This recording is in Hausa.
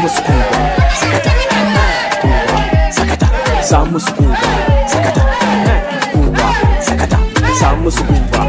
sakata sakata sakata sakata sakata sakata musu Sakata sakata Sakata sakata Sakata Sakata Sakata